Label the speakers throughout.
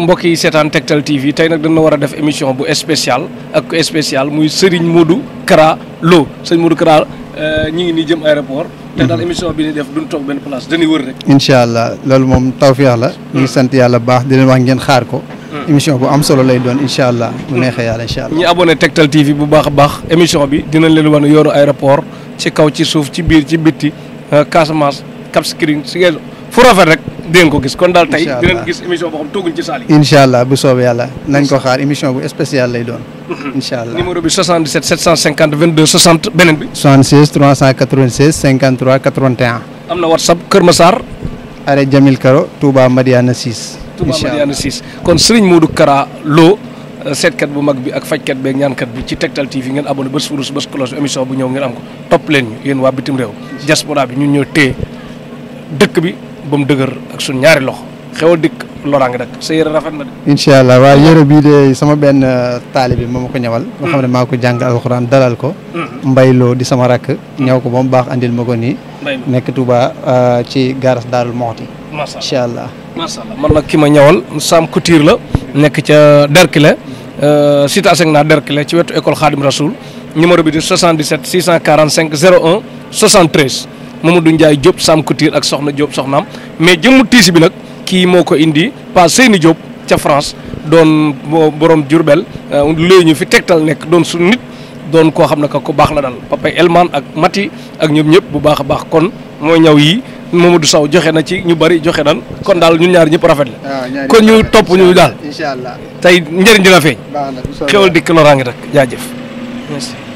Speaker 1: mbokk yi seetaan Tektal TV tey nag dana war a def émission bu spécial ak spécial muy Serigne Modou Kara Lo Serigne Modou Kara euh, ñi ngi nii jëm aéroport. te daal mhm. émission bi ni def duñ toog benn place dañuy wër rek.
Speaker 2: incha allah loolu moom tawféex la. Mhm. ñu ngi sant yàlla baax di leen wax ngeen xaar ko. Mhm. émission bu am solo lay doon incha allah. bu neexee yàlla incha
Speaker 1: allah. ñi abonné Tektal TV bu baax a baax émission bi dinañ leen wan yooru aéroport ci kaw ci suuf euh, fu rafet rek dinañ ko gis kon daal tey dinañ gis émission boo xam tooguñ ci saal yi.
Speaker 2: incha allah bu soobee yàlla nañ ko xaar émission bu spéciale lay doon.
Speaker 1: Mhm. incha allah numéro bi 77 750
Speaker 2: 22 60 beneen bi. 76 396 53 81. am na whatsapp Kër Massar. Are Jamil Karo Touba Madiana 6.
Speaker 1: Touba Madiana 6 kon Serigne Modou Kara Lo. Euh, seetkat bu mag bi ak fajkat beeg ñaankat bi ci Tektal TV ngeen abonné bés furus bés cloche émission bu ñëw ngeen am ko topp leen ñu yéen waa bitim réew diaspora bi ñun ñoo dëkk bi ba mu dëgër ak suñ ñaari loxo xewal dikk loraange nag sa yére rafet na de.
Speaker 2: incha allah waaye yére bii de sama benn euh, taalibe bi moo ma ko ñëwal. nga xam ne maa ko jàng alxuraan dalal ko. Mm-hmm. mbayloo di sama rakk. Mm-hmm. ñëw ko ba mu baax andil ma ko nii. nekk Touba euh, ci garas Daarul Moxti. macha
Speaker 1: man nag ki ma ñëwal Sam Couture la. nekk ca Derkile. Euh, cité Asegna Derkile ci wetu école Khadim Rasoul numéro bi di 77 645 01 73. Mamadou Ndiaye Diop Sam Couture ak Soxna Diop soxnaam mais jëmm tiisi bi nag kii moo ko indi Pa Seyni Diop ca France doon borom Jurbel euh, léegi ñu fi tegtal nekk doon su nit doon koo xam ne ko baax la daal Papa Elman ak Mati ak ñoom ñëpp bu baax a baax kon mooy ñaw yi du saw joxe na ci ñu bari joxe nan kon daal ñu ñaar ñëpp rafet la
Speaker 2: ah, kon ñu topp ñu daal incha allah
Speaker 1: tey njëriñ dina feeñ xewal dikk ngi rek jaajëf merci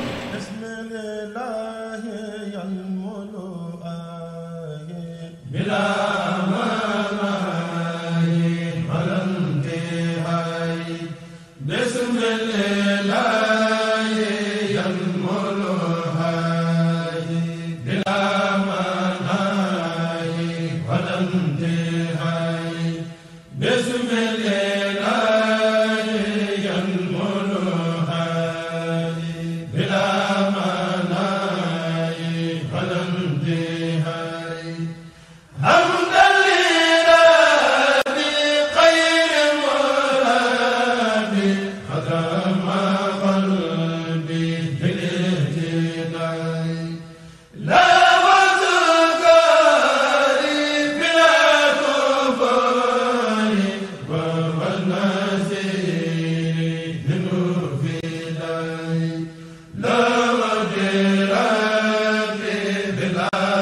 Speaker 3: la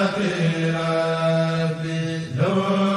Speaker 4: rabbi law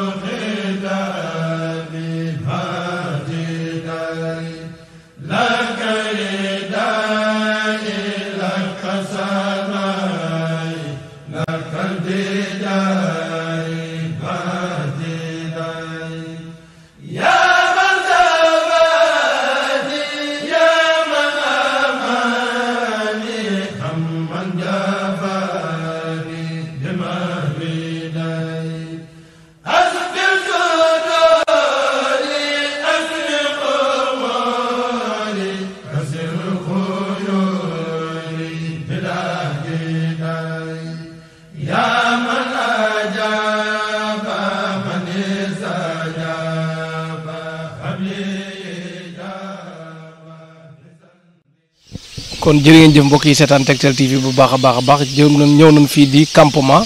Speaker 1: kon jërë ngeen jëf mbokk yi seetaan Tektal TV bu baax a baax a baax jëm nañ ñëw nañ fii di campement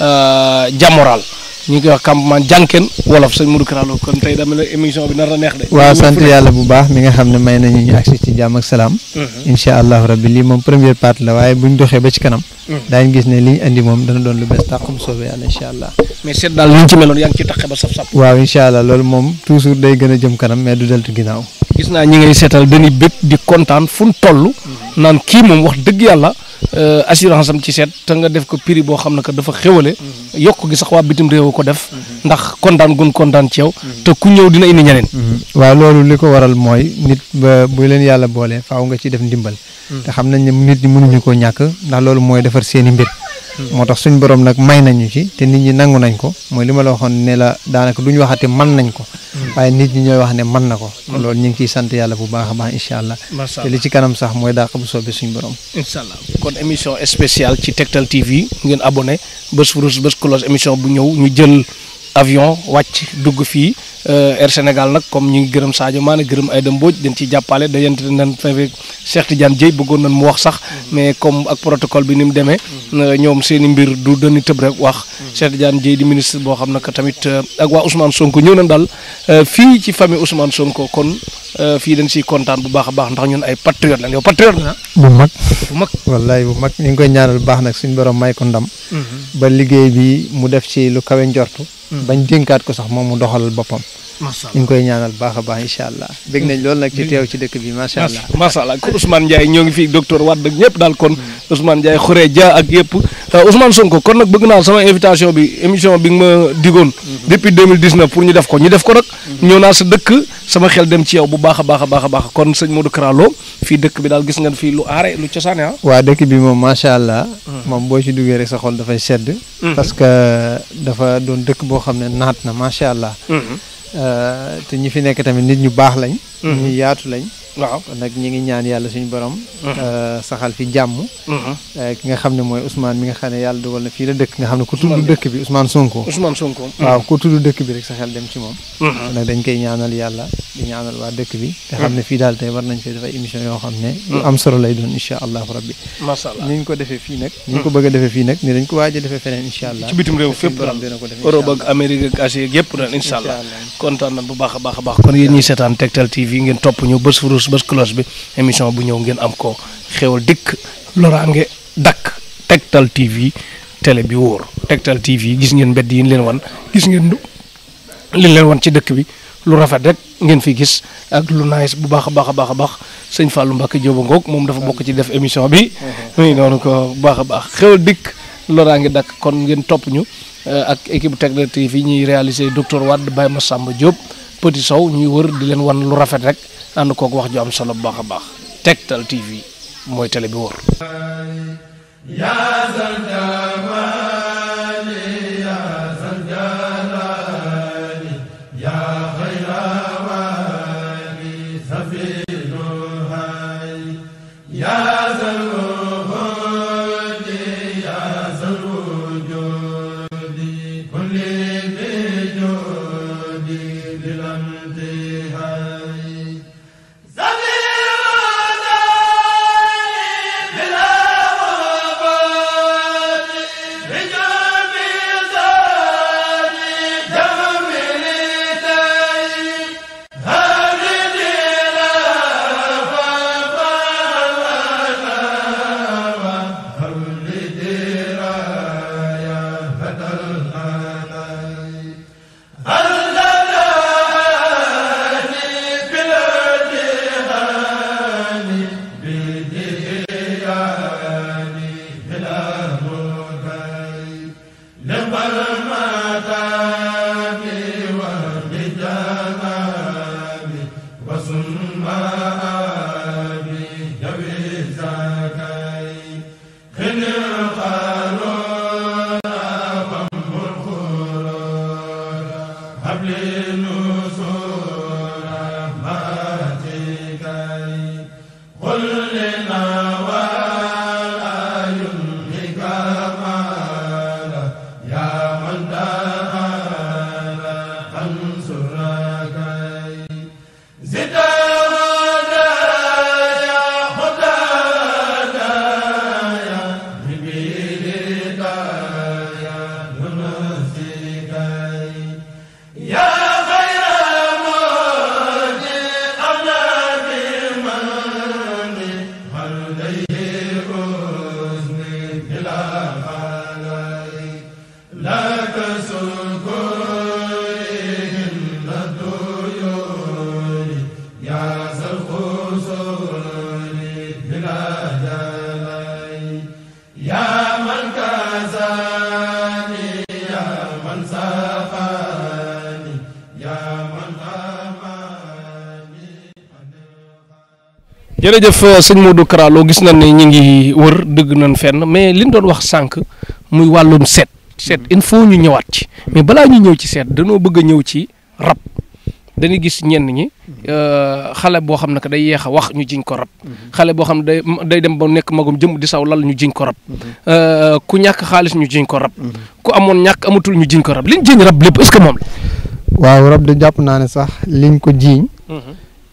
Speaker 1: euh, Diamoral ñu ngi koy wax campement jànkeen wolof sëñ Modou Kara Lo kon tey dama la émission bi nar a neex de. waaw sant yàlla
Speaker 2: bu baax mi nga xam ne may nañu ñu agsi ci jàmm ak salaam. Mhm. incha allahu rabbi lii moom première partie la waaye buñ doxee ba ci kanam. Mhm. daañu gis ne li ñu andi moom dana doon lu bees tàq mu soobee yàlla incha allah.
Speaker 1: mais seet daal li ñu ci meloon
Speaker 2: loolu moom toujours day gën a jëm kanam mais du deltu ginnaaw.
Speaker 1: gis naa ñi ngay seetal dañuy bég di kontaan fu mu toll. Mhm. naan kii moom wax dëgg yàlla euh, assurance am ci ko prix boo xam ne que dafa yokk gi sax waa bitim réew ko def ndax kontaan gun kontaan ci yow te ku ñëw dina indi ñeneen
Speaker 2: waaw loolu li ko waral mooy nit ba bu leen yàlla boole faw nga ci def ndimbal mm. te xam nañ ne nit ñi mënuñu ko ñàkk ndax loolu mooy defar seeni mbir moo tax suñ borom nag may nañu ci te nit ñi nangu nañ ko mooy li ma la waxoon ne la daanaka duñu waxati mën nañ ko mm. waaye nit ñi ñooy wax ne mën na ko mm. loolu ñu ngi ciy sant yàlla bu baax a baax incha allah te li ci kanam sax mooy dàq soobee suñ borom
Speaker 1: kon émission spéciale ci Tektal TV ngeen abonné bés furus bés close émission bu ñëw ñu jël avion wàcc dugg fii euh, Air Sénégal nag comme ñu ngi gërëm Sadio Mané gërëm ay Aïda Mbodj dañ ciy jàppale da yent nañ fekk Cheikh Tidiane Dieye bëggoon nañ mu wax sax mm-hmm. mais comme ak protocole bi ni mu demee mm-hmm. euh, ñoom seen i mbir du dañu tëb rek wax mm-hmm. Cheikh Tidiane di ministre boo xam ne que tamit euh, ak waa Ousmane Sonko ñëw nañ daal fii ci famille Ousmane Sonko kon fii dañ siy kontaan bu baax a baax ndax ñun ay patriote lañ yow patriote nga
Speaker 2: bu mag bu mag wallaay bu mag ñu ngi koy ñaanal baax nag suñu borom may ko ndam ba liggéey bi bañ dénkaat ko sax moom mu doxal boppam ñu ngi koy ñaanal baax a baax incha allah bég nañ
Speaker 1: loolu nag ci teew ci dëkk bi macha allah macha allah ko Ousmane Ndiaye ñoo ngi fi docteur Wade ak ñëpp daal kon hmm. Ousmane Ndiaye xuree ja ak yëpp euh, Ousmane Sonko kon nag bëgg naa sama invitation bi émission bi nga ma digoon hmm. depuis 2019 pour ñu def ko ñu def ko nag hmm. ñëw naa sa dëkk sama xel dem ci yow bu baax a baax a baax a baax kon sëñ Modou Kara Lo fii dëkk bi daal gis ngeen fii lu aare lu cosaane ah
Speaker 2: waa dëkk bi moom macha allah moom boo ci duggee rek sa xol dafay sedd parce que dafa doon dëkk boo xam ne naat na macha allah Euh, te ñi fi nekk tamit nit ñu baax lañ. Mm-hmm. ñu yaatu lañ. waaw kon nag ñu ngi ñaan yàlla suñu borom. Uh-huh. Uh, saxal fi jàmm. Uh-huh. Uh, ki nga la dëkk nga xam ne ku tudd dëkk bi Ousmane Sonko. Ousmane Sonko uh-huh. waaw ku tudd dëkk bi rek sa dem ci moom. nag dañ koy ñaanal yàlla di ñaanal waa dëkk bi. te xam ne fii daal tey war nañ fee def ay émission yoo a a defee feneen ak
Speaker 1: Amérique ak Asie yëpp daal incha allah bu baax a baax a baax kon yéen ñi seetaan Tektal TV ngeen topp ñu bés rouge bés cloche bi émission bu ñëw ngeen am ko xewal dikk loraange dakk Tektal TV télé bi wóor Tektal TV gis ngeen mbedd yi leen wan gis ngeen liñ leen wan ci dëkk bi lu rafet rek ngeen fi gis ak lu nice bu baax a baax a baax a baax sëñ Fallou Mbacke Diop ngoog moom dafa bokk ci def émission bi. muy noonu ko bu baax a baax xewal dikk loraange dakk kon ngeen topp ñu. Eh, ak équipe Tektal TV ñuy réaliser docteur Wade ma Massamba Diop Petit soow ñuy wër di leen wan lu rafet rek ànd kook wax ju am solo bu baax a baax Tektal TV mooy télé bi wóor jërëjëf euh, sëñ Modou Kara Lo gis nañ ne ñu ngi wër dëgg nañ fenn mais li ñu doon wax sànq muy wàllum seet seet il faut ñu ñëwaat ci mais balaa ñu ñëw ci seet dañoo bëgg a ñëw ci rab dañuy gis ñenn ñi euh, xale boo xam ne que day yeex a wax ñu jiñ ko rab mm-hmm. xale boo xam ne day day dem ba nekk magum jëm di saw lal ñu jiñ ko rab mm-hmm. euh, ku ñàkk xaalis ñu jiñ ko rab mm-hmm. ku amoon ñàkk amatul ñu jiñ ko rab liñ jiñ rab lépp est-ce que moom
Speaker 2: la. waaw rab de jàpp naa ne sax liñ ko jiñ.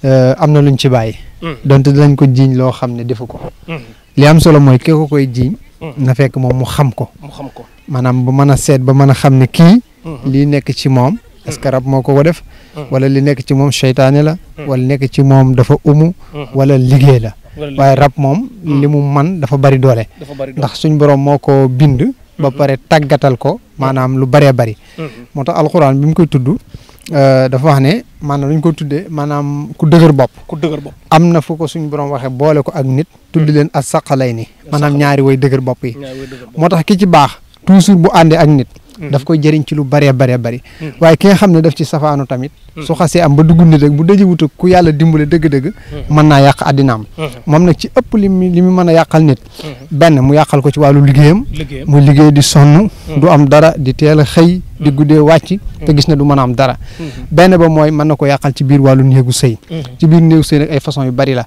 Speaker 2: Euh, am na lu luñ ci bàyyi. Mm. donte dinañ ko jiiñ loo xam ne defu ko. Mm. li am solo mooy ko ko koy jiiñ. Mm. na fekk moom mu xam ko. xam ko maanaam ba man a seet ba mën a xam ne kii. Mm-hmm. lii nekk ci moom. est que rab moo ko ko def. wala li nekk ci moom seytaane la. wala nekk ci moom dafa umu. Mm-hmm. wala liggéey la. waaye rab moom. li mu man dafa bari doole. ndax suñ boroom moo ko bind. ba mm-hmm. pare taggatal ko maanaam lu bare bari. moo tax alxuraan bi mu koy tudd. Euh, dafa wax ne maanaam lu ñu ko tuddee maanaam ku dëgër bopp. ku dëgër bopp am na fu ko suñu borom waxee boole ko ak nit. tudd leen as saqalay ni maanaam ñaari way dëgër bopp yi. moo tax ki ci baax toujours bu àndee ak nit. Mm-hmm. daf koy jëriñ ci lu bëree bëree bëri mm-hmm. waaye ki nga xam ne daf ci safaanu tamit mm-hmm. su xasee am ba dugg ni rek bu dajewut ak ku yàlla dimbale dëgg-dëgg mën naa yàq addinaam moom nag ci ëpp li mu li mu mën a yàqal nit benn mu yàqal ko ci wàllu liggéeyam mu liggéey di sonn du am dara di teel a xëy di guddee wàcc te gis na du man am dara benn ba mooy man na ko yàqal ci biir wàllu néegu sëy ci biir néegu sëy nag ay façon yu bari la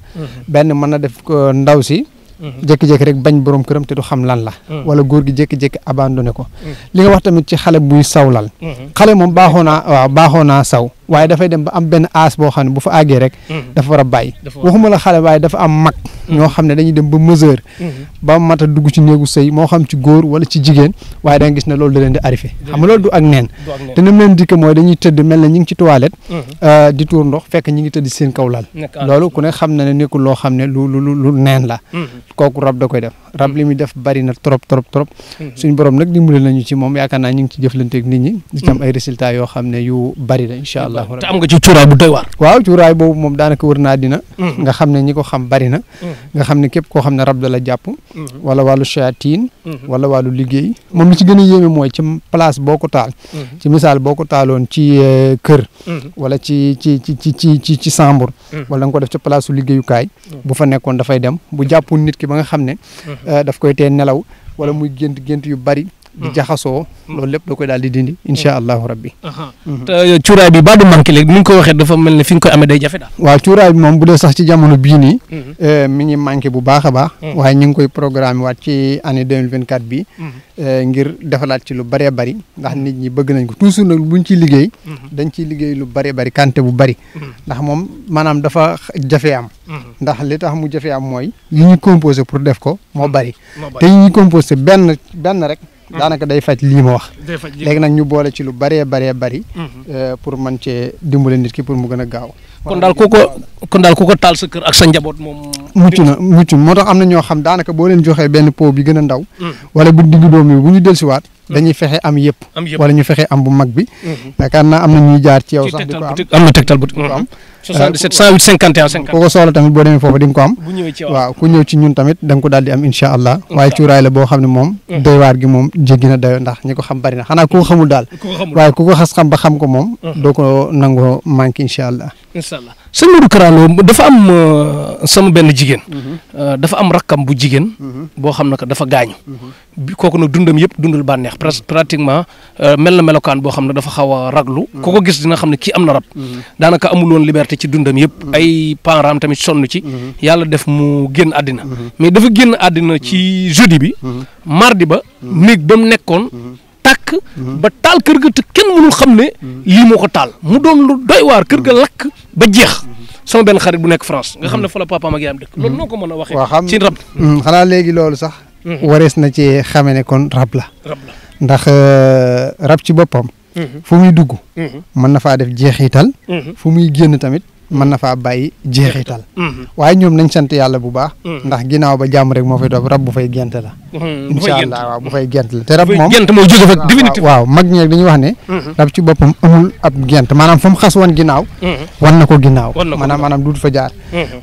Speaker 2: benn mën na def ndaw si Mhm. jékki-jékki rek bañ borom këram te du xam lan la. Mhm. wala góor gi jékki-jékki a ko. Mhm. li nga wax tamit ci xale buy sawlal. xale moom baaxoo naa a baaxoo naa saw waaye dafay dem ba am benn aas boo xam ne bu fa àggee rek. dafa war a bàyyi waxuma la xale waaye dafa am mag. ñoo xam ne dañuy dem ba mesure mhm. ba mat a dugg ci néegu sëy moo xam ci góor wala ci jigéen waaye da nga gis ne loolu da leen di arrivé xam nga loolu du ak neen te nam mel na ñi ngi ci toilette mhm. euh, di tuur ndox ngi tëdd seen kaw lal loolu ku ne xam na ne nekkul loo xam ne lu lu lu neen la mhm. kooku rab da koy def rab li muy def bari na trop trop trop suñ borom nag dimbali nañu ci moom yaakaar naa ñu ngi ci jëflanteeg nit ñi di tam ay résultats yoo xam ne yu bari la incha allah te ci cuuraay bu doy waar waaw cuuraay boobu moom daanaka naa dina nga xam ne ñi ko xam bari na nga xam ne képp koo xam ne rab da la jàpp mhm. wala wàllu shayatin mhm. wala wàllu liggéey moom li ci gën a yéeme mooy ci place boo ko taal mhm. ci misaal boo ko taaloon ci euh, kër wala ci ci ci ci ci ci ci chambre wala nga ko def ci place su liggéeyukaay bu fa nekkoon dafay dem bu jàppul nit ki ba nga xam ne euh, daf koy te nelaw wala muy gént gént yu bari di jaxasoo. loolu lépp da koy daal di dindi allahu rabbi. Mhm.
Speaker 1: te euh, bi ba du manqué léegi ni nga ko waxee dafa mel ne fi nga koy amee day jafe daal. waaw cuuraay bi moom
Speaker 2: bu dee mhm. euh, a baax. Mhm. waaye ñu ngi koy programme waat ci année deux mille vingt quatre bii. Euh, ngir defalaat ci lu ñi bëgg nañ ko toujours nag buñ ciy liggéey. dañ lu bëree bëri kante bu bëri. ndax moom maanaam dafa jafe am. ndax li tax mu jafe am mooy. yi ñu composé pour def ko moo bëri. te yi ñu composé rek. Mm-hmm. daanaka day faj lii ma wax. léegi nag ñu boole ci lu bëree bëree bëri. Mm-hmm. Euh, pour man cee dimbale nit ki pour mu gën a gaaw. kon daal ku ko kon daal ku ko taal sa kër ak sa njaboot
Speaker 1: moom. mucc na
Speaker 2: mucc moo tax am na ñoo xam daanaka boo leen joxe benn po bi gën a ndaw. Mm. wala bu diggu doom yi bu ñu dellusiwaat. Mm. dañuy fexe am yëpp. am wala ñu fexe am bu mag bi. Mm-hmm. yaakaar naa am na ñuy jaar ci yow sax di ko am am na tegtal bu am.
Speaker 1: 77 108
Speaker 2: 51 50. ku ko soxla tamit boo demee foofu di nga ko am. waaw ku ñëw ci ñun tamit da nga ko daal di am incha allah. waaye cuuraay la boo xam ne moom. Mm. doy waar gi moom jéggi na ndax ñi xam bari xanaa ko xamul daal. waaye ku ko
Speaker 1: xas xam ba xam ko moom. Mm-hmm. doo ko nangoo manqué incha allah. allah am euh, sama benn jigéen. Mm-hmm. Euh, dafa am rakkam bu jigéen. Mm-hmm. boo xam ne que dafa gaañu. ko kooku nag dundam yëpp dundul bànneex presque pratiquement euh, mel na melokaan boo xam ne dafa xaw a ko gis dina xam ne kii am na rab. daanaka amul liberté fierté ci dundam yëpp. Mm-hmm. ay parents tamit sonn ci. Mm-hmm. yàlla def mu génn àddina. Mm-hmm. mais dafa génn àddina ci jeudi bi. mardi ba. néeg ba mu nekkoon. takk ba taal kër ga te kenn mënul xam ne lii moo ko taal mu doon lu doy waar kër ga lakk ba jeex sama benn xarit bu nekk France nga xam ne fa la papaam ak yaayam dëkk loolu noo ko mën a waxee ci rab xanaa léegi loolu sax warees
Speaker 2: na ci xame ne kon rab la ndax euh, rab ci boppam Mm-hmm. fu muy dugg mm-hmm. mën na faa def jeexital mm-hmm. fu muy génn tamit mën na faa bàyyi jeexital. Mm-hmm. Mm-hmm. waaye ñoom nañ sant yàlla bu baax. Mm-hmm. ndax ginnaaw ba jàmm rek moo fay topp rab bu fay gent la. incha allah waaw bu fay gent la te rab moom gent moo jóge fa définitivement waaw mag ñi dañuy wax ne. rab ci boppam amul ab gent maanaam fu mu xas woon ginnaaw. wan na ko ginnaaw. maanaam maanaam duut fa jaar.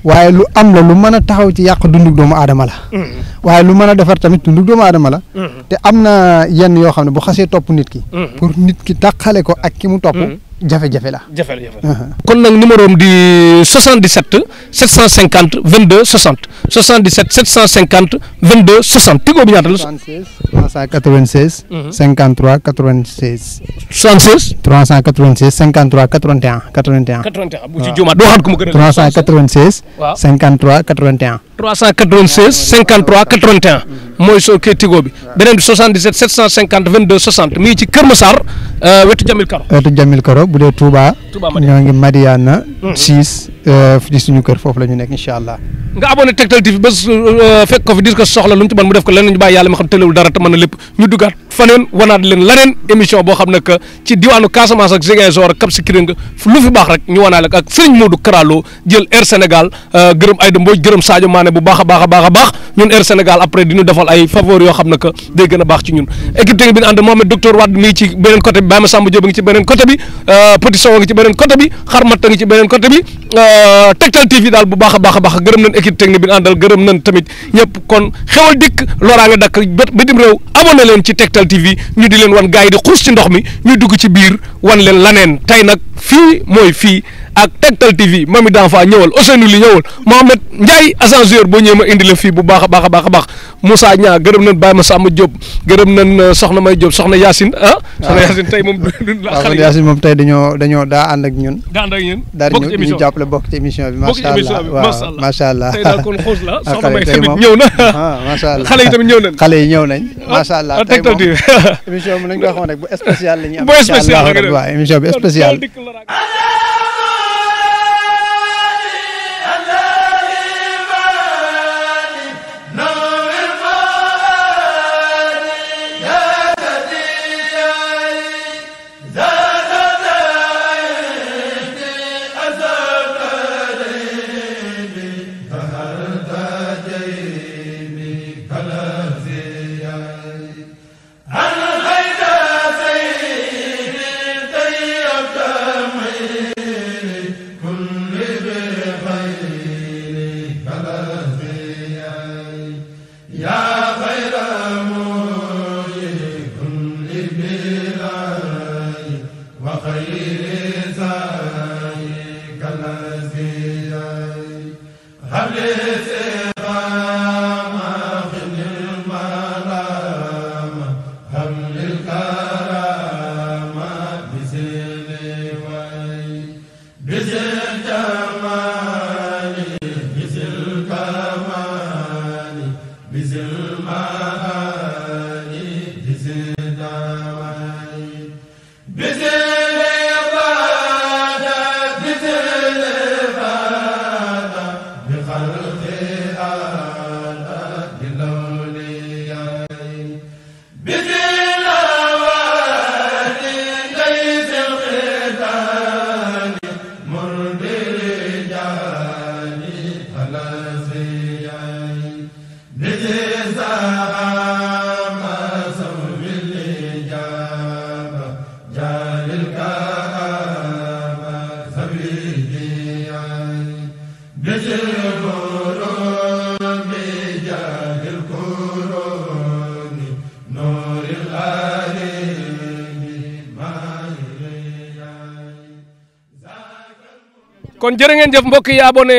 Speaker 2: waaye lu am la lu mën a taxaw ci yàq dundug doomu aadama la. waaye lu mën a defar tamit dundug la. te am na yenn yoo xam ne bu xasee topp nit ki. pour nit ki tàqale ko ak ki mu topp. jafe-jafe la
Speaker 1: jafe-jafe kon nag numéro am di 77 750 22 60 77 750 22 60 Tigo bi ñaata la. 76
Speaker 2: 396. 53 96. 76. 396 53 81 81. 81 bu ci juumaat doo xam ku mu gën a. 396. waaw 53 81.
Speaker 1: 396 53 81. mooy soo kii Tigo bi. Ah. beneen bi 77 750 22 60 mi ngi ci Kër Massar. Euh, wetu Jamil
Speaker 2: Karo. wetu Jamil Karo bu dee Touba. Touba ñoo ngi Madiana. 6 mm-hmm. euh, di suñu kër foofu la ñu nekk incha allah.
Speaker 1: nga abonné Tektal TV ba euh, fekk ko fi dis soxla lu mu def ko laneen émission boo xam ne que ci diwaanu Casamance ak Ziguinchor ak Cap Skirring lu fi baax rek ñu wanaale ak Serigne Modou Kara Lo jël Air Sénégal gërëm Aïda Mbodj gërëm Sadio Mané bu baax a baax a baax a baax ñun Air Sénégal après di ñu defal ay faveur yoo xam ne que day gën baax ci ñun équipe technique Baye Massamba Diop a ngi ci beneen côté bi euh, Petit Sow a ngi ci beneen côté bi Xarmat a ngi ci beneen côté bi euh, Tektal TV daal bu baax a baax a baax gërëm nañ équipe technique bi àndal gërëm nañ tamit ñëpp kon xewal dikk loraa nga dakk bitim réew abonné leen ci Tektal TV ñu di leen wan gars yi di xuus ci ndox mi ñu dugg ci biir wan leen laneen tey nag fii mooy fii ak Tektal TV Mamy Danfa ñëwal Ousseynou Ly ñëwal Mohamed Ndiaye ascenseur boo ñëwee ma indile fii bu baax a baax a baax a baax Moussa Niang gërëm nañ Baye Massamba Diop gërëm nañ euh, Soxna May Diop Soxna Yacine ah. ah. Soxna Yacine tey moom. moom tey dañoo dañoo daa ànd ñun.
Speaker 2: daa ànd ak ñun jàppale bokk ci émission bi. macha allah waaw allah tey daal kon xuus la Soxna May tamit ñëw na. Ah, macha allah xale yi tamit ñëw nañ. nañ. Ah, macha allah tey moom émission bi nañ ko waxoon rek bu spécial la ñuy am. bu spécial
Speaker 1: la nag kon jërë ngeen jëf mbokk yi abonné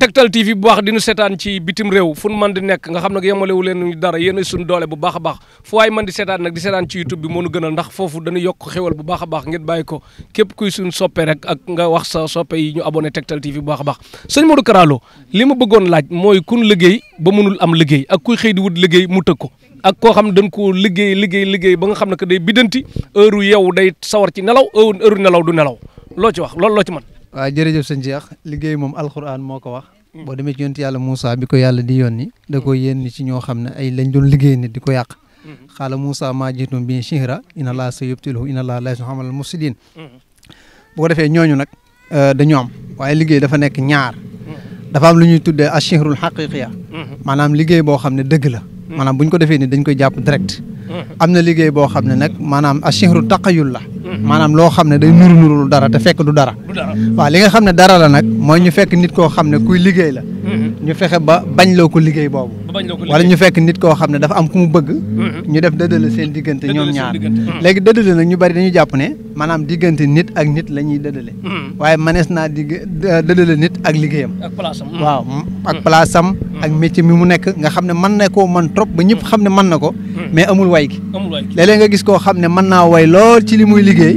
Speaker 1: Tektal TV bu baax di nu seetaan ci bitim réew fu nu mën di nekk nga xam nag yemalewu leen dara yéen suñu doole bu baax a baax fu waay mën di seetaan nag di seetaan ci YouTube bi moo nu gënal ndax foofu dañu yokk xéwal bu baax a baax ngeen bàyyi ko képp kuy suñu soppe rek ak nga wax sa soppe yi ñu abonné Tektal TV bu baax a baax sëñ Modou Kara Lo li ma bëggoon laaj mooy kun liggéey ba mënul am liggéey ak kuy xëy di wut liggéey mu tëg ko ak koo xam dañ ko liggéey liggéey liggéey ba nga xam ne que day biddanti heure yow day sawar ci nelaw heure nelaw du nelaw loo ci wax loolu loo ci man
Speaker 2: waaw jërëjëf sëñ Cheikh liggéey moom alxuraan moo ko wax. boo demee ci yonent yàlla Moussa bi ko yàlla di yónni. da ko yéen ci ñoo xam ne ay lañ doon liggéey nit di ko yàq. xaala Moussa maa jiitum bi shihra inna laa sa yubtiluhu inna laa laa xamal mufsidin bu ko defee ñooñu nag euh, dañoo am waaye liggéey dafa nekk ñaar. dafa am lu ñuy tuddee ashihrul xaqiqiya maanaam liggéey boo xam ne dëgg la. maanaam bu ñu ko defee ni dañ koy jàpp direct. am na liggéey boo xam ne nag maanaam ashihru taqayul la maanaam loo xam ne day nuru nuru dara te fekk du dara waaw li nga xam ne dara la nag mooy ñu fekk nit koo xam ne kuy liggéey la mm-hmm. ñu fexe ba bañ loo ko liggéey boobu wala ñu fekk nit koo xam ne dafa am ku mu bëgg mm-hmm. ñu def dëddale seen diggante ñoom ñaar
Speaker 1: mm-hmm. léegi
Speaker 2: dëddale nag ñu bari dañu jàpp ne maanaam diggante nit ak nit la ñuy dëddale mm-hmm. waaye manees naa digg dëddale nit ak liggéeyam waaw ak place am ak métier mi mu nekk nga xam ne man na koo mën trop ba ñëpp xam ne man na ko mais amul way gi léeg nga gis koo xam ne man naa way lool ci li muy liggéey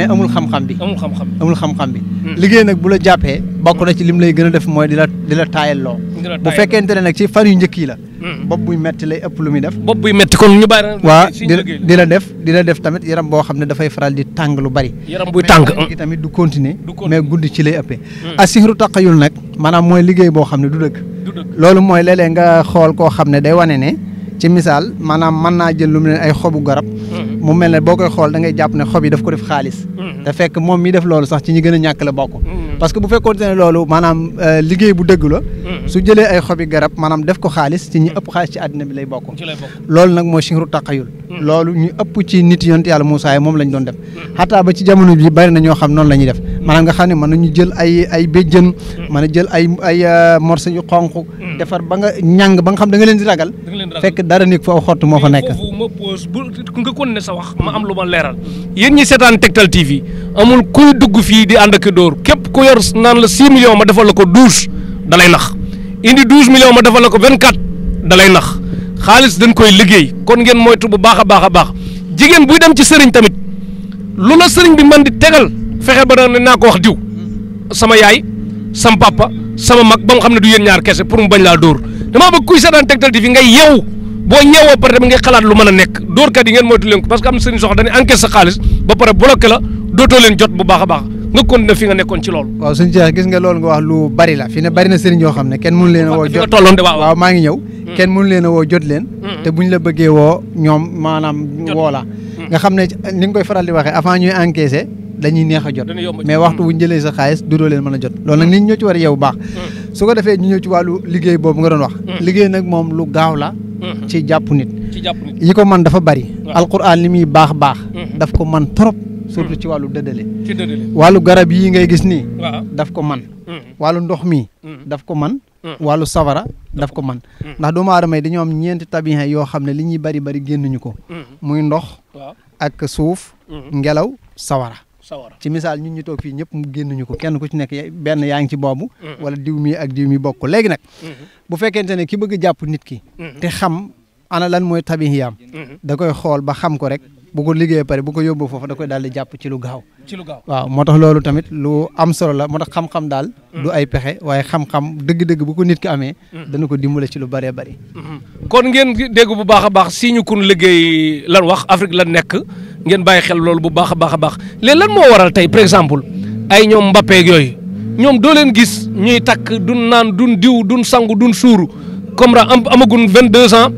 Speaker 2: mais amul xam-xam bi.
Speaker 1: amul xam-xam bi amul
Speaker 2: xam-xam bi. Hmm. liggéey nag bu la jàppee bokk na ci lim lay gën a def mooy di la di la taayal loo. bu fekkente nag ci fan yu njëkk la. Hmm. bopp buy metti lay ëpp lu muy def. bopp buy metti kon ñu bari. waaw di la def di la def tamit yaram boo xam ne dafay faral di tàng lu bari. yaram buy tàng mais tamit du continuer. mais guddi ci lay ëppee. Hmm. asihru taqayul nag maanaam mooy liggéey boo xam ne du dëgg. du dëgg loolu mooy léeg-léeg nga xool koo xam ne day wane ne ci misaal maanaam mën naa jël lu mu ne ay xobu garab mu mel ne boo koy xool da ngay jàpp ne xob yi daf ko def xaalis mm-hmm. te fekk moom mi def loolu sax ci ñi gën a ñàkk la bokk mm-hmm. parce que bu fekkoonte ne loolu maanaam euh, liggéey bu dëgg la mm-hmm. su jëlee ay xobi garab maanaam def ko xaalis ci ñi ëpp xaalis ci àddina bi lay bokk loolu nag mooy sihru taqayul loolu ñu ëpp ci nit yonent yàlla Moussa moom lañ doon def xataa ba ci jamono bi bari ñoo xam noonu la ñuy def maanaam nga xam ne mën ñu jël ay ay béjjën mm. mën a jël ay ay euh, morceaux yu xonq mm. defar ba nga ñàng ba nga xam da nga leen di ragal fekk dara nekk fa aw xott
Speaker 1: moo fa nekk foofu ne sa wax ma am lu ma leeral yéen ñi seetaan Tektal TV amul kuy dugg fii di ànd ak dóor képp ku yor naan la 6 millions ma defal la ko 12 da lay nax indi 12 millions ma defal la ko 24 da lay nax xaalis dañ koy liggéey kon ngeen moytu bu baax a baax a baax jigéen buy dem ci sëriñ tamit lu la sëriñ bi man di tegal fexe ba ne naa ko wax diw sama yaay sama papa sama mag ba nga xam ne du yéen ñaar kese pour mu bañ laa dóor damaa bëgg kuy seetaan Tektal TV ngay yeewu boo ñeewoo pare tamit ngay xalaat lu mën a nekk door dóorkat yi ngeen moytu leen ko parce que am na seen soxla dañuy encaisse sa xaalis ba pare bloqué la dootoo leen jot bu baax a baax nga continuer fi nga nekkoon ci loolu.
Speaker 2: waaw sëñ Cheikh gis nga loolu nga wax lu bari la fi ne bari xam ne kenn mënu leen a woo jot waaw maa ngi ñëw mm. kenn leen a woo jot leen mm. te buñ la bëggee woo ñoom maanaam woo la mm. nga xam ne ni nga koy faral di waxee avant ñuy encaisser dañuy neex a jot mais waxtu wu ñu jëlee sa xaalis du doo leen mën a jot loolu nag nit ñoo ci war a yow baax hmm. su ko defee ñu ñëw ci wàllu liggéey boobu nga doon wax hmm. liggéey nag moom lu gaaw la hmm. ci jàpp nit yi ko man dafa bari alquran li muy baax baax daf ko man trop surtout ci wàllu dëddale wàllu garab yii ngay gis nii daf ko man wàllu ndox mi daf ko man wàllu sawara daf ko man ndax doomu aadama yi dañoo am ñeenti tabiyen yoo xam ne li ñuy bari bari génnuñu ko muy ndox ak suuf ngelaw sawara sawara ci misaal ñun ñu toog fii ñëpp mu génnuñu ko kenn ku ci nekk benn yaa ngi ci boobu mm-hmm. wala diw mi ak diw mi bokk léegi nag mm-hmm. bu fekkente ne mm-hmm. da koy xool ba xam ko rek bu ko liggéeyee pare bu ko yóbbu foofu da koy daal di jàpp ci lu gaaw ci lu gaaw waaw moo tax loolu tamit lu am solo la moo tax xam-xam daal du ay pexe waaye xam-xam dëgg-dëgg bu ko nit ki amee dana ko dimbale ci lu bëree bëri
Speaker 1: kon ngeen dégg bu baax a baax si ñu kun liggéey lan wax Afrique lan nekk ngeen bàyyi xel loolu bu baax a baax a baax léegi lan moo waral tey par exemple ay ñoom Mbappé ak yooyu ñoom doo leen gis ñuy takk duñ naan duñ diw duñ sangu duñ suuru comme ra am amagun 22 ans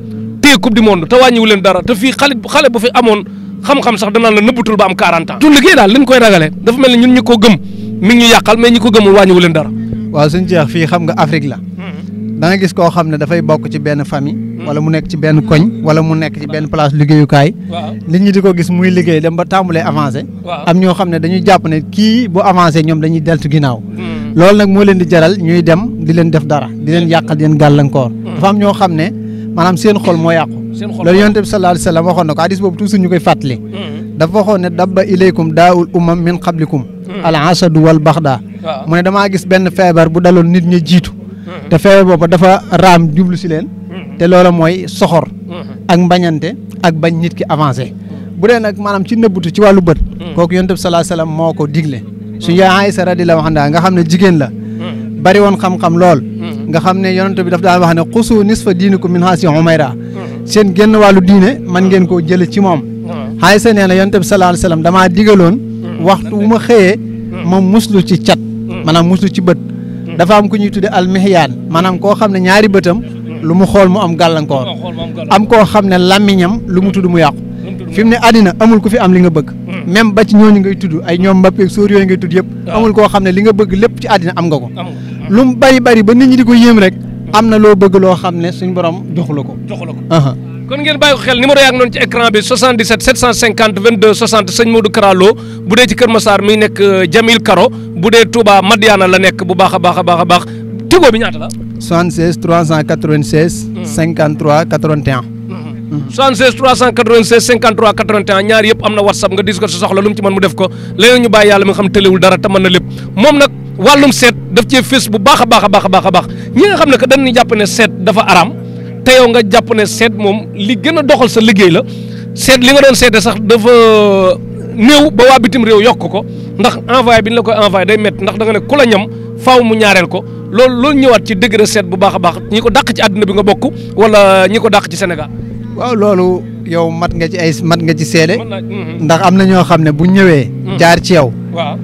Speaker 1: téye coupe du monde te wàññiwu wuleen dara te fii xale xale bu fi amoon xam-xam sax danaan la nëbbutul ba am 40 ans. tun liggéey daal liñ koy ragale dafa mel ni ñun ñu ko gëm mi ngi ñu yàqal mais ñi ko gëmul wàññiwu leen dara. waaw suñu jeex fii xam nga
Speaker 2: Afrique la. Hmm. danga gis koo xam ne dafay bokk ci benn famille. wala mu nekk ci benn koñ. wala mu nekk ci benn place liggéeyukaay. nit ñi di ko gis muy liggéey dem ba tàmbalee avancé. am ñoo xam ne dañuy jàpp ne kii bu avancé ñoom dañuy deltu ginnaaw. Hmm. loolu nag moo leen di jaral ñuy dem di leen def dara di leen hmm. yàqal di leen gàllankoor. Hmm. dafa am ñoo xam ne maanaam seen xol moo yàqu. seen xol loolu yonent bi sallallahu alayhi wa sallam waxoon na ko hadis boobu toujours ñu koy fàttali. dafa waxoon ne dabba ilaykum daawul umam min qablikum al asadu wal baxda mu ne damaa gis benn feebar bu daloon nit ñi jiitu te feebar boobu dafa raam jublu si leen mm-hmm. te loola mooy soxor mm-hmm. ak mbañante ak bañ nit ki avancé bu dee nag maanaam ci nëbbutu ci wàllu bët mm-hmm. kooku yonent bi salaa salaam moo ko digle su yaay Aysa radiyallaahu anhaa nga xam ne jigéen la bari woon xam-xam lool nga xam ne yonent bi daf daan wax ne xusu nisfa diinikum min haasi Umayra seen génn wàllu diine man ngeen koo jële ci moom Aysa nee na yonent bi salaa salaam damaa digaloon waxtu wu ma xëyee ma muslu ci cat maanaam muslu ci bët dafa am ku ñuy tudde almixyaan maanaam koo xam ne ñaari bëtam lu mu xool mu am gàllankoor am koo xam ne làmmiñam lu mu tudd mu yàqu fi mu ne àddina amul ko fi am li nga bëgg même ba ci ñooñu ngay tudd ay ñoom Mbappé sóor yooyu ngay tudd yëpp amul koo xam ne li nga bëgg lépp ci àddina am nga ko lu mu bari bari ba nit ñi di ko yéem rek am na loo bëgg loo xam ne suñ borom joxu la ko
Speaker 1: kon ngeen bàyyi ko xel numéro yaa ngi noonu ci écran bi 77 750 22 60 sëñ Modou Kara Lo bu dee ci Kër Massar mi nekk euh, Jamil Karo bu dee Touba Madiana la nekk bu baax a baax a baax a baax Tigo bi ñaata la.
Speaker 2: 76 396. 53 81.
Speaker 1: 76 396 53 81 ñaar am na whatsapp nga dis ko sa soxla lu mu ci mën mu def ko léeg-léeg ñu bàyyi yàlla mi nga xam tëlewul a baax baax a baax ñi nga xam ne que dañu jàpp ne seet dafa araam. te yow nga jàpp ne seet moom li gën a doxal sa liggéey la seet li nga doon seete sax dafa néew ba waa bitim réew yokk ko ndax envoyé bi ñu la koy envoyé day métti ndax nga ne ku la ñam faaw ñaareel ko loolu loolu ñëwaat ci degré seet bu baax a baax ñi ko dàq ci àdduna bi nga bokk wala ñi ko dàq ci Sénégal.
Speaker 2: waaw loolu yow mat nga ci ay mat nga ci seede. Mhm. ndax am na ñoo xam ne bu ñëwee. Mhm. jaar ci yow. waaw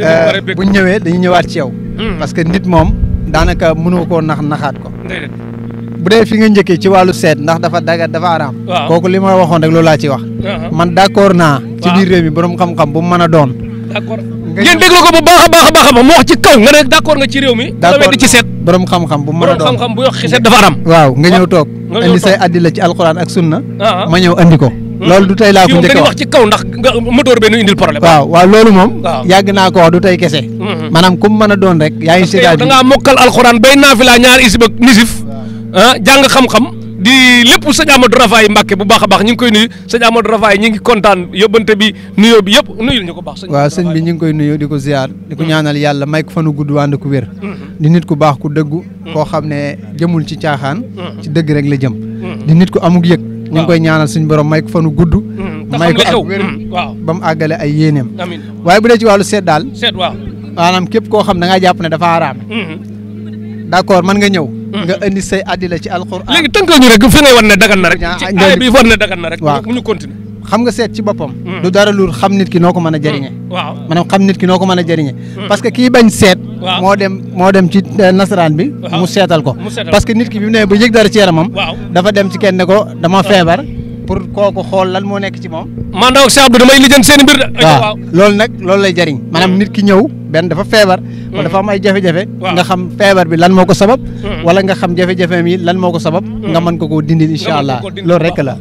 Speaker 2: euh, bu ñëwee dañu ñëwaat ci yow. Mhm. parce que nit moom daanaka mënoo koo nax naxaat ko. bu dee fi nga njëkkee ci wàllu seet ndax dafa dagat dafa araam kooku li ma waxoon rek loolu laa ci wax uh-huh. man d'accord naa ci biir réew mi borom xam-xam bu mu mën a doon d'accord ko a baax a baax a mu wax ci kaw nga ne
Speaker 1: d'accord nga ci da weddi
Speaker 2: ci xam-xam mu mën a doon borom xam-xam ci nga ñëw toog indi say addila ci alxuraan ak sunna
Speaker 1: uh-huh. ma ñëw
Speaker 2: andi ko hmm. loolu du tey laa ko njëkk a wax
Speaker 1: ci kaw ndax moteur benn indil problème waaw waaw loolu moom yàgg
Speaker 2: naa ko wax du tey kese hmm. maanaam ku mu a doon rek yaa ngi si da ngaa mokkal alxuraan bay
Speaker 1: naafila ñaar isib Ah, jàng xam-xam di lépp sëñ Amadou Rafaay Mbàkke bu baax a baax ñu ngi koy nuyu sëñ Amadou Rafaay ñu ngi kontaan yóbbante bi nuyoo bi yëpp nuyu ñu ko baax.
Speaker 2: bi ñu ngi koy nuyu di ko ziar. di ko mm. ñaanal yàlla may ko fanu gudd ànd ku wér. Mm-hmm. di ku baax ku mm. koo xam ne jëmul ci caaxaan. Mm-hmm. dëgg rek la jëm. Mm-hmm. di ku amug yëg. ñu koy ñaanal suñu borom may ko fanu gudd.
Speaker 1: may ko ak ba mu
Speaker 2: àggale ay yéeneem. amiin waaye bu dee ci wàllu seet daal. seet waaw maanaam képp koo xam da ngaa jàpp ne dafa araam. d'accord mën nga ñëw nga indi say addila ci alquran léegi tënkal ñu rek fi ngay wan ne dagan na rek ne dagan na rek waaw mu hmm. xam nit ki noo ko mën a jëriñe hmm. waaw maanaam xam nit ki noo ko mën a jëriñe hmm. parce que kii bañ seet moo dem moo dem ci euh, nasaraan bi mu seetal ko parce que nit ki bi ne ba yëg dara ci yaramam dafa dem ci kenn ne ko dama feebar pour kooku xool lan moo nekk ci moom man daw ak Cheikh Abdou damay lijjan seen mbir de waaw loolu nag loolu lay jëriñ maanaam nit ki ñëw benn dafa feebar wala dafa am ay jafe-jafe nga xam feebar bi lan moo ko sabab hmm. wala nga xam jafe-jafeem yi lan moo ko sabab hmm. nga man ko ko dindil incha allah loolu rek la